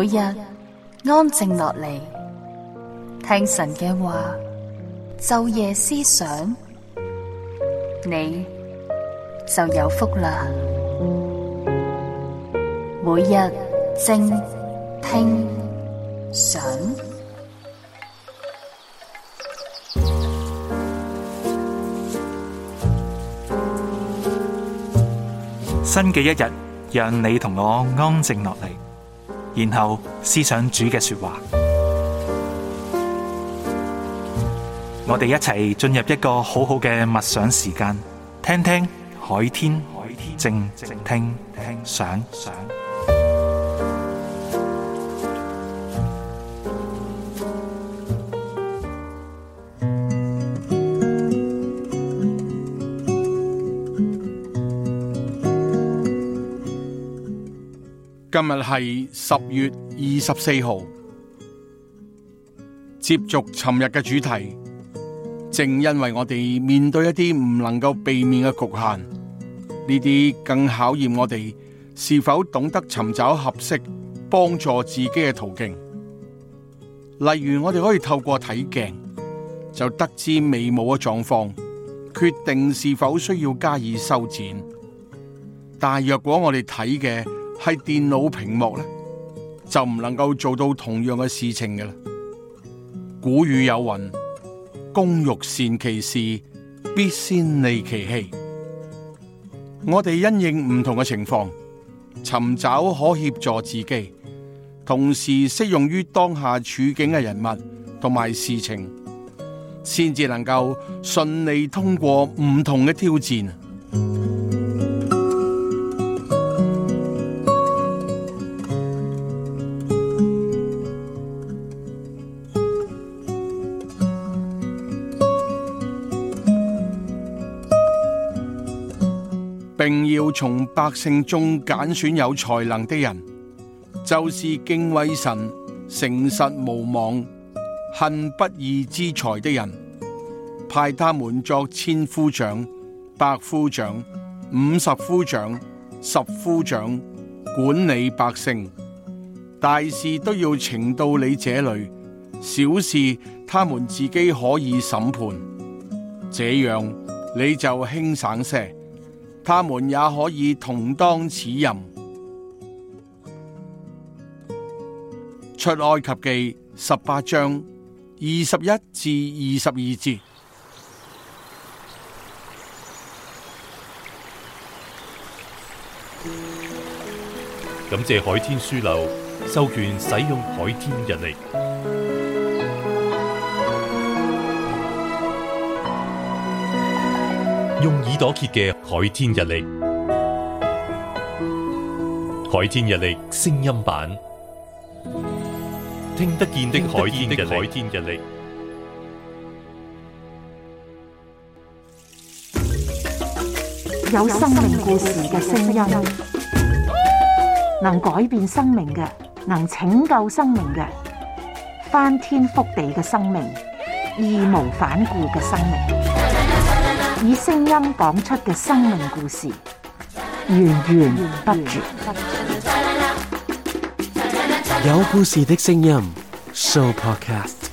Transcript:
每日安靜落嚟，聽神嘅話，晝夜思想，你就有福啦。每日靜聽想，新嘅一日，讓你同我安靜落嚟。然後思想主嘅說話，我哋一齊進入一個好好嘅默想時間，聽聽海天，靜靜聽想。今日係十月二十四號，接續尋日嘅主題，正因為我哋面對一啲唔能夠避免嘅局限，呢啲更考驗我哋是否懂得尋找合適幫助自己嘅途徑。例如，我哋可以透過睇鏡就得知眉毛嘅狀況，決定是否需要加以修剪。但若果我哋睇嘅，係電腦屏幕咧，就唔能夠做到同樣嘅事情嘅啦。古語有云：工欲善其事，必先利其器。我哋因應唔同嘅情況，尋找可協助自己，同時適用於當下處境嘅人物同埋事情，先至能夠順利通過唔同嘅挑戰。並要從百姓中揀選有才能的人，就是敬畏神、誠實無妄、恨不義之財的人，派他們作千夫長、百夫長、五十夫長、十夫長，管理百姓。大事都要呈到你這裏，小事他們自己可以審判。這樣你就輕省些。他們也可以同當此任。出埃及記十八章二十一至二十二節。感謝海天書樓授權使用海天日曆。用耳朵揭嘅《海天日曆》，《海天日曆》聲音版，聽得見的《海天日曆》，有生命故事嘅聲音，能改變生命嘅，能拯救生命嘅，翻天覆地嘅生命，義無反顧嘅生命。以聲音講出嘅生命故事，源源不絕。有故事嘅聲音，Sooopodcast。